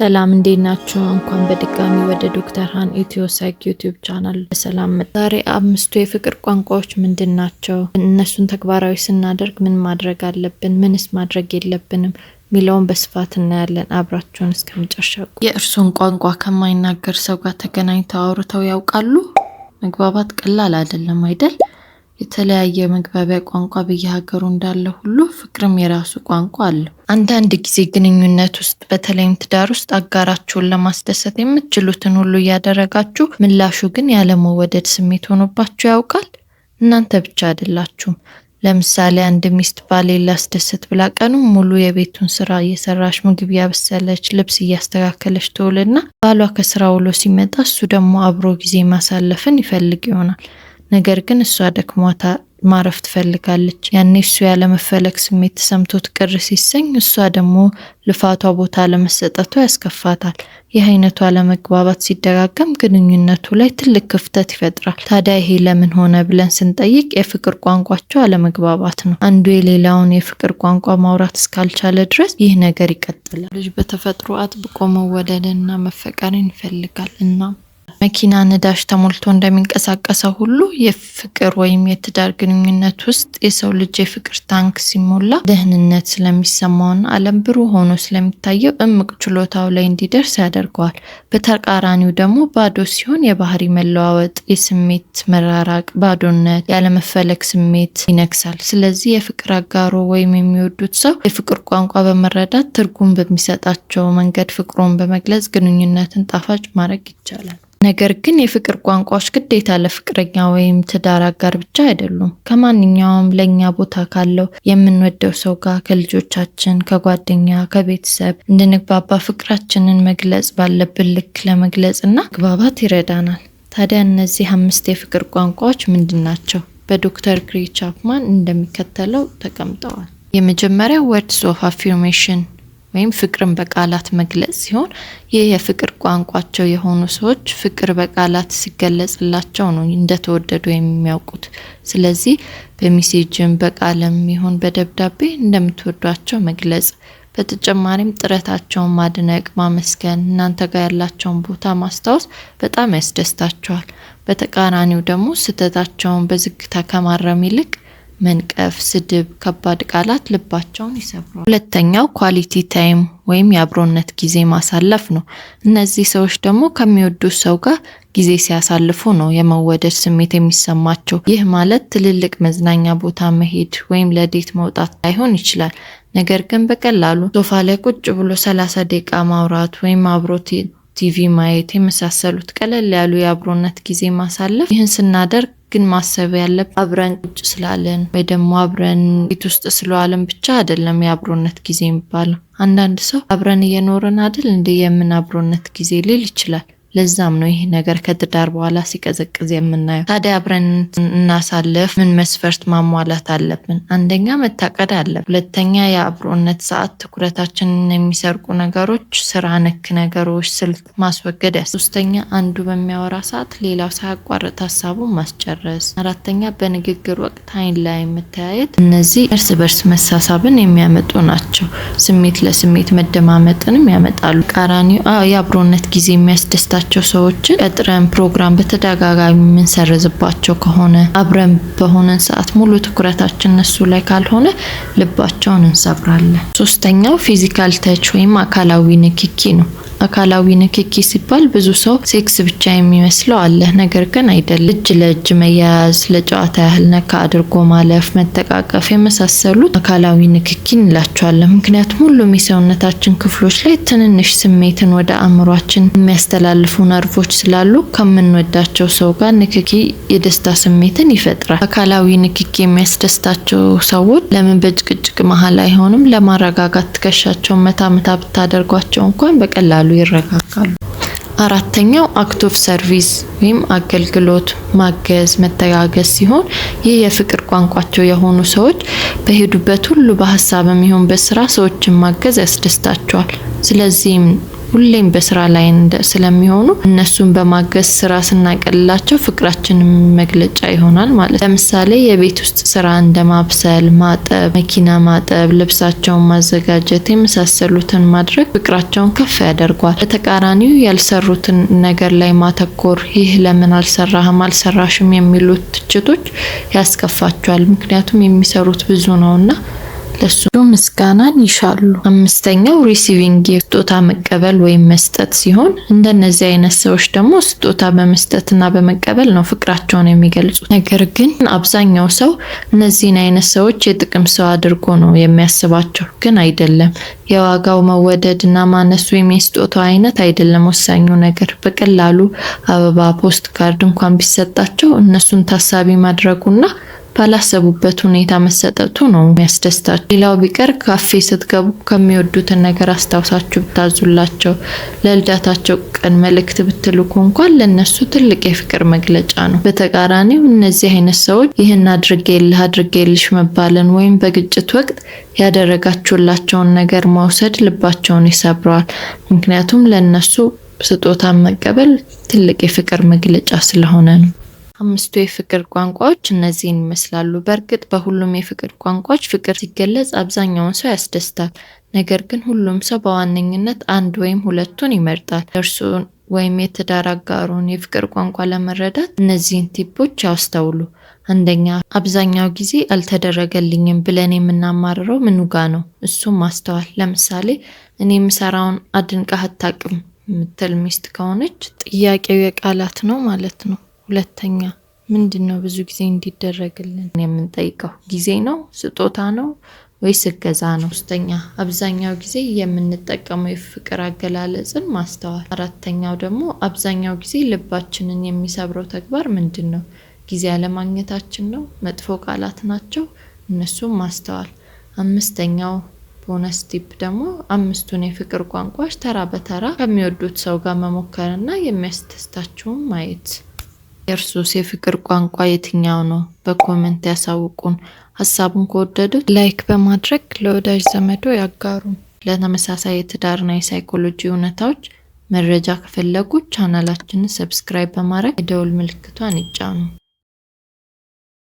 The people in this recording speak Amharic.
ሰላም እንዴት ናችሁ? እንኳን በድጋሚ ወደ ዶክተር ሃን ኢትዮ ሳይክ ዩቲዩብ ቻናል በሰላም ዛሬ አምስቱ የፍቅር ቋንቋዎች ምንድን ናቸው? እነሱን ተግባራዊ ስናደርግ ምን ማድረግ አለብን? ምንስ ማድረግ የለብንም ሚለውን በስፋት እናያለን። አብራችሁን እስከ መጨረሻ። የእርሱን ቋንቋ ከማይናገር ሰው ጋር ተገናኝተው አውርተው ያውቃሉ? መግባባት ቀላል አይደለም አይደል? የተለያየ መግባቢያ ቋንቋ በየሀገሩ እንዳለ ሁሉ ፍቅርም የራሱ ቋንቋ አለው። አንዳንድ ጊዜ ግንኙነት ውስጥ በተለይም ትዳር ውስጥ አጋራችሁን ለማስደሰት የምትችሉትን ሁሉ እያደረጋችሁ ምላሹ ግን ያለመወደድ ስሜት ሆኖባችሁ ያውቃል? እናንተ ብቻ አይደላችሁም። ለምሳሌ አንድ ሚስት ባሌ ላስደሰት ብላ ቀኑ ሙሉ የቤቱን ስራ እየሰራች ምግብ ያበሰለች፣ ልብስ እያስተካከለች ትውልና ባሏ ከስራ ውሎ ሲመጣ እሱ ደግሞ አብሮ ጊዜ ማሳለፍን ይፈልግ ይሆናል። ነገር ግን እሷ ደክሟታ ማረፍ ትፈልጋለች። ያኔ እሱ ያለመፈለግ ስሜት ተሰምቶት ቅር ሲሰኝ፣ እሷ ደግሞ ልፋቷ ቦታ ለመሰጠቷ ያስከፋታል። ይህ አይነቱ አለመግባባት ሲደጋገም ግንኙነቱ ላይ ትልቅ ክፍተት ይፈጥራል። ታዲያ ይሄ ለምን ሆነ ብለን ስንጠይቅ የፍቅር ቋንቋቸው አለመግባባት ነው። አንዱ የሌላውን የፍቅር ቋንቋ ማውራት እስካልቻለ ድረስ ይህ ነገር ይቀጥላል። ልጅ በተፈጥሮ አጥብቆ መወደድንና መፈቀርን ይፈልጋል እናም መኪና ነዳጅ ተሞልቶ እንደሚንቀሳቀሰው ሁሉ የፍቅር ወይም የትዳር ግንኙነት ውስጥ የሰው ልጅ የፍቅር ታንክ ሲሞላ ደህንነት ስለሚሰማውና ዓለም ብሩህ ሆኖ ስለሚታየው እምቅ ችሎታው ላይ እንዲደርስ ያደርገዋል። በተቃራኒው ደግሞ ባዶ ሲሆን የባህሪ መለዋወጥ፣ የስሜት መራራቅ፣ ባዶነት፣ ያለመፈለግ ስሜት ይነግሳል። ስለዚህ የፍቅር አጋሮ ወይም የሚወዱት ሰው የፍቅር ቋንቋ በመረዳት ትርጉም በሚሰጣቸው መንገድ ፍቅሩን በመግለጽ ግንኙነትን ጣፋጭ ማድረግ ይቻላል። ነገር ግን የፍቅር ቋንቋዎች ግዴታ ለፍቅረኛ ወይም ትዳር አጋር ብቻ አይደሉም። ከማንኛውም ለእኛ ቦታ ካለው የምንወደው ሰው ጋር፣ ከልጆቻችን፣ ከጓደኛ፣ ከቤተሰብ እንድንግባባ ፍቅራችንን መግለጽ ባለብን ልክ ለመግለጽ እና ግባባት ይረዳናል። ታዲያ እነዚህ አምስት የፍቅር ቋንቋዎች ምንድን ናቸው? በዶክተር ግሬ ቻፕማን እንደሚከተለው ተቀምጠዋል። የመጀመሪያው ወርድስ ኦፍ አፊርሜሽን ወይም ፍቅርን በቃላት መግለጽ ሲሆን ይህ የፍቅር ቋንቋቸው የሆኑ ሰዎች ፍቅር በቃላት ሲገለጽላቸው ነው እንደተወደዱ የሚያውቁት። ስለዚህ በሚሴጅም በቃልም ይሁን በደብዳቤ እንደምትወዷቸው መግለጽ። በተጨማሪም ጥረታቸውን ማድነቅ፣ ማመስገን፣ እናንተ ጋር ያላቸውን ቦታ ማስታወስ በጣም ያስደስታቸዋል። በተቃራኒው ደግሞ ስህተታቸውን በዝግታ ከማረም ይልቅ መንቀፍ፣ ስድብ፣ ከባድ ቃላት ልባቸውን ይሰብራል። ሁለተኛው ኳሊቲ ታይም ወይም የአብሮነት ጊዜ ማሳለፍ ነው። እነዚህ ሰዎች ደግሞ ከሚወዱት ሰው ጋር ጊዜ ሲያሳልፉ ነው የመወደድ ስሜት የሚሰማቸው። ይህ ማለት ትልልቅ መዝናኛ ቦታ መሄድ ወይም ለዴት መውጣት ላይሆን ይችላል። ነገር ግን በቀላሉ ሶፋ ላይ ቁጭ ብሎ ሰላሳ ደቂቃ ማውራት ወይም አብሮት ቲቪ ማየት የመሳሰሉት ቀለል ያሉ የአብሮነት ጊዜ ማሳለፍ። ይህን ስናደርግ ግን ማሰብ ያለብን አብረን ቁጭ ስላለን ወይ ደግሞ አብረን ቤት ውስጥ ስለዋለን ብቻ አይደለም የአብሮነት ጊዜ የሚባለው። አንዳንድ ሰው አብረን እየኖረን አይደል እንደ የምን አብሮነት ጊዜ ሊል ይችላል። ለዛም ነው ይህ ነገር ከትዳር በኋላ ሲቀዘቅዝ የምናየው። ታዲያ አብረን እናሳለፍ ምን መስፈርት ማሟላት አለብን? አንደኛ መታቀድ አለብን። ሁለተኛ የአብሮነት ሰዓት ትኩረታችንን የሚሰርቁ ነገሮች፣ ስራ ነክ ነገሮች፣ ስልክ ማስወገድ ያስ ሶስተኛ አንዱ በሚያወራ ሰዓት ሌላው ሳያቋርጥ ሀሳቡን ማስጨረስ። አራተኛ በንግግር ወቅት አይን ላይ መተያየት። እነዚህ እርስ በርስ መሳሳብን የሚያመጡ ናቸው። ስሜት ለስሜት መደማመጥንም ያመጣሉ። ቃራኒ የአብሮነት ጊዜ የሚያስደስታቸው የምንላቸው ሰዎችን ቀጥረን ፕሮግራም በተደጋጋሚ የምንሰርዝባቸው ከሆነ አብረን በሆነን ሰዓት ሙሉ ትኩረታችን እነሱ ላይ ካልሆነ ልባቸውን እንሰብራለን። ሶስተኛው ፊዚካል ተች ወይም አካላዊ ንክኪ ነው። አካላዊ ንክኪ ሲባል ብዙ ሰው ሴክስ ብቻ የሚመስለው አለ፣ ነገር ግን አይደለም። እጅ ለእጅ መያያዝ፣ ለጨዋታ ያህል ነካ አድርጎ ማለፍ፣ መተቃቀፍ የመሳሰሉት አካላዊ ንክኪ እንላቸዋለን። ምክንያቱም ሁሉም የሰውነታችን ክፍሎች ላይ ትንንሽ ስሜትን ወደ አእምሯችን የሚያስተላልፉ ነርቮች ስላሉ ከምንወዳቸው ሰው ጋር ንክኪ የደስታ ስሜትን ይፈጥራል። አካላዊ ንክኪ የሚያስደስታቸው ሰዎች ለምን በጭቅጭቅ መሀል አይሆንም? ለማረጋጋት ትከሻቸውን መታ መታ ብታደርጓቸው እንኳን በቀላሉ በቀላሉ ይረጋጋሉ። አራተኛው አክት ኦፍ ሰርቪስ ወይም አገልግሎት ማገዝ፣ መተጋገዝ ሲሆን ይህ የፍቅር ቋንቋቸው የሆኑ ሰዎች በሄዱበት ሁሉ በሀሳብ የሚሆን በስራ ሰዎችን ማገዝ ያስደስታቸዋል። ስለዚህም ሁሌም በስራ ላይ ስለሚሆኑ እነሱን በማገዝ ስራ ስናቀልላቸው ፍቅራችን መግለጫ ይሆናል ማለት ለምሳሌ የቤት ውስጥ ስራ እንደ ማብሰል፣ ማጠብ፣ መኪና ማጠብ፣ ልብሳቸውን ማዘጋጀት የመሳሰሉትን ማድረግ ፍቅራቸውን ከፍ ያደርጓል። በተቃራኒው ያልሰሩትን ነገር ላይ ማተኮር፣ ይህ ለምን አልሰራህም አልሰራሽም የሚሉት ትችቶች ያስከፋቸዋል። ምክንያቱም የሚሰሩት ብዙ ነውና ለሱ ምስጋናን ይሻሉ። አምስተኛው ሪሲቪንግ የስጦታ መቀበል ወይም መስጠት ሲሆን እንደነዚህ አይነት ሰዎች ደግሞ ስጦታ በመስጠትና በመቀበል ነው ፍቅራቸውን የሚገልጹት። ነገር ግን አብዛኛው ሰው እነዚህን አይነት ሰዎች የጥቅም ሰው አድርጎ ነው የሚያስባቸው፣ ግን አይደለም። የዋጋው መወደድ ና ማነሱ ወይም የስጦታው አይነት አይደለም ወሳኙ ነገር። በቀላሉ አበባ፣ ፖስት ካርድ እንኳን ቢሰጣቸው እነሱን ታሳቢ ማድረጉና ባላሰቡበት ሁኔታ መሰጠቱ ነው የሚያስደስታቸው። ሌላው ቢቀር ካፌ ስትገቡ ከሚወዱትን ነገር አስታውሳችሁ ብታዙላቸው፣ ለልዳታቸው ቀን መልእክት ብትልኩ እንኳን ለእነሱ ትልቅ የፍቅር መግለጫ ነው። በተቃራኒው እነዚህ አይነት ሰዎች ይህን አድርጌልህ አድርጌልሽ መባልን ወይም በግጭት ወቅት ያደረጋችሁላቸውን ነገር መውሰድ ልባቸውን ይሰብረዋል። ምክንያቱም ለእነሱ ስጦታን መቀበል ትልቅ የፍቅር መግለጫ ስለሆነ ነው። አምስቱ የፍቅር ቋንቋዎች እነዚህን ይመስላሉ። በእርግጥ በሁሉም የፍቅር ቋንቋዎች ፍቅር ሲገለጽ አብዛኛውን ሰው ያስደስታል። ነገር ግን ሁሉም ሰው በዋነኝነት አንድ ወይም ሁለቱን ይመርጣል። እርሱን ወይም የትዳር አጋሩን የፍቅር ቋንቋ ለመረዳት እነዚህን ቲፖች ያስተውሉ። አንደኛ፣ አብዛኛው ጊዜ አልተደረገልኝም ብለን የምናማርረው ምኑ ጋ ነው? እሱም ማስተዋል። ለምሳሌ እኔ የምሰራውን አድንቃህ አታውቅም የምትል ሚስት ከሆነች ጥያቄው የቃላት ነው ማለት ነው። ሁለተኛ ምንድን ነው ብዙ ጊዜ እንዲደረግልን የምንጠይቀው? ጊዜ ነው? ስጦታ ነው ወይስ እገዛ ነው? ሶስተኛ አብዛኛው ጊዜ የምንጠቀመው የፍቅር አገላለጽን ማስተዋል። አራተኛው ደግሞ አብዛኛው ጊዜ ልባችንን የሚሰብረው ተግባር ምንድን ነው? ጊዜ አለማግኘታችን ነው? መጥፎ ቃላት ናቸው? እነሱም ማስተዋል። አምስተኛው ቦነስ ቲፕ ደግሞ አምስቱን የፍቅር ቋንቋዎች ተራ በተራ ከሚወዱት ሰው ጋር መሞከርና የሚያስደስታችሁን ማየት የእርሶስ የፍቅር ቋንቋ የትኛው ነው? በኮመንት ያሳውቁን። ሀሳቡን ከወደዱት ላይክ በማድረግ ለወዳጅ ዘመዶ ያጋሩ። ለተመሳሳይ የትዳርና የሳይኮሎጂ እውነታዎች መረጃ ከፈለጉ ቻናላችንን ሰብስክራይብ በማድረግ የደውል ምልክቷን ይጫኑ።